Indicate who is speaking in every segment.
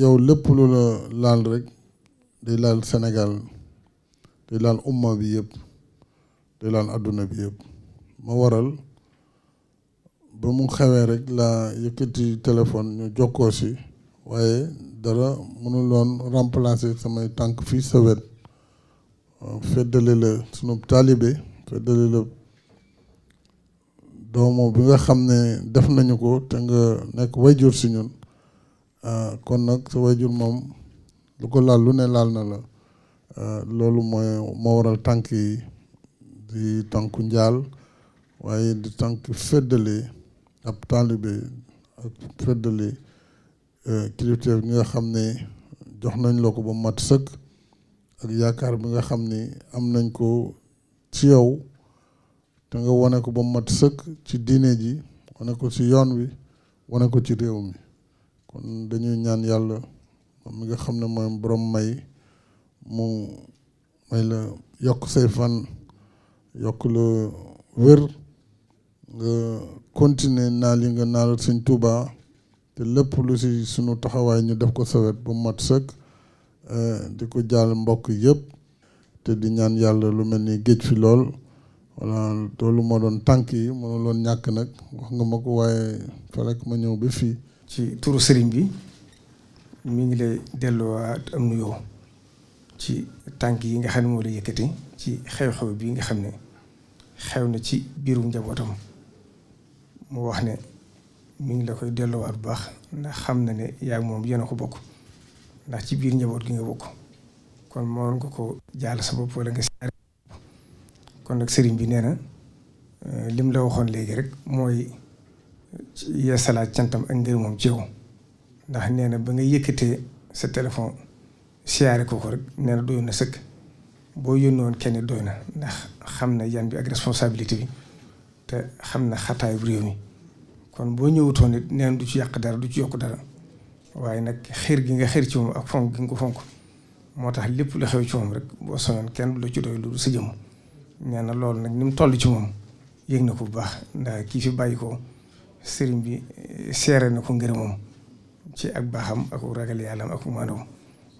Speaker 1: yow lépp lu la laal rek day laal Sénégal day laal umma bi yépp day laal àdduna bi yëpp ma waral ba mu xewee rek laa yëkkati téléphone ñu jokkoo si waaye dara mënuloon remplacer samay tànk fii sa wet euh, feddale la sunu taalibe feddale la doomu bi nga xam ne def nañu ko te nga nekk jur si ñun Euh, kon nag sa wayjur moom lu ko laal lu ne laal na la euh, loolu mooy moo waral tànk yi di tànku njaal waaye di tànk feddale ab taalibe ak feddale euh, kilifteef bi nga xam ne jox nañ la ko ba mat sëkk ak yaakaar bi nga xam ni am nañ ko ci yow te nga wane ko ba mat sëkk ci diine ji wane ko ci yoon wi wane ko ci réew mi dañuy ñaan yàlla mi nga xam ne mooy boroom may mu may la yokk say fan yokk la wér nga continuer naal yi nga naalal suñ Touba te lépp lu si sunu taxawaay ñu def ko sawet ba mat sëkk eh, di ko jaal mbokk yëpp te di ñaan yàlla lu mel ni géej fi lool voilà loolu moo doon tànk yi mënuloon ñàkk nag wax nga ma ko waaye fa rek ma ñëw ba fii ci turu sëriñ bi
Speaker 2: mu ngi lay delluwaat am nuyoo ci tànk yi nga xam ne moo lay yëkkati ci xew-xew bi nga xam ne xew na ci biirum njabootam mu wax ne mu ngi la koy dellowaat bu baax ndax xam na ne yaa moom yéen ko bokk ndax ci biir njaboot gi nga bokk kon moo nga ko jaal sa bopp wala nga siyaare kon nag sëriñ bi nee na eh, lim la waxoon léegi rek mooy. yeesalaat cantam ak ngir moom ci yow ndax nee na ba nga yëkkatee sa téléphone siyaare ko ko rek nee na doy na sëkk boo yónnee woon kenn doy na ndax xam na yan bi ak responsabilité bi te xam na xataayu réew mi kon boo ñëwutoon it nee du ci yàq dara du ci yokk dara waaye nag xër gi nga xër ci moom ak fonk gi nga ko fonk moo tax lépp lu xew ci moom rek boo soñoon kenn du la ci doy lu sa jëm nee na loolu nag ni mu toll ci moom yëg na ko bu baax ndax kii fi bàyyi ko. sëriñ bi eh, seere na ko ngërëmam ci ak baaxam ak ragal yàlla ak maandoom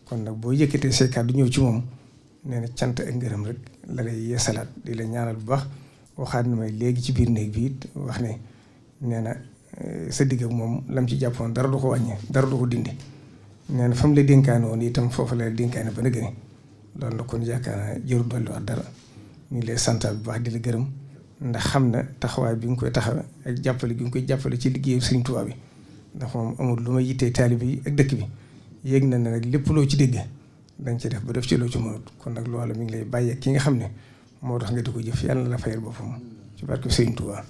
Speaker 2: kon nag boo yëkkatee say kàddu ñëw ci moom nee na cant ak ngërëm rek la lay yeesalaat di la ñaanal bu baax waxaat na may léegi ci biir néeg bi it wax ne nee na eh, sa digg moom lam ci jàppoon dara du ko wàññi dara du ko dindi nee na fa mu la dénkaane woon itam foofu la dénkaane ba na gëne loolu nag kon yaakaar naa jëru dolli wax dara ñu ngi lay santaal bu baax di la gërëm ndax xam na taxawaay bi nga koy taxawe ak jàppale gi nga koy jàppale ci liggéeyu Sëriñ Tuubaa bi ndax moom amul lu ma yittee taalib yi ak dëkk bi yéeg na ne nag lépp loo ci dégg dañ ci def ba def ci loo ci mënut kon nag loolu mi ngi lay bàyyi ki nga xam ne moo tax nga di ko jëf yàlla na la fayal boppam ci barke Sëriñ Tuubaa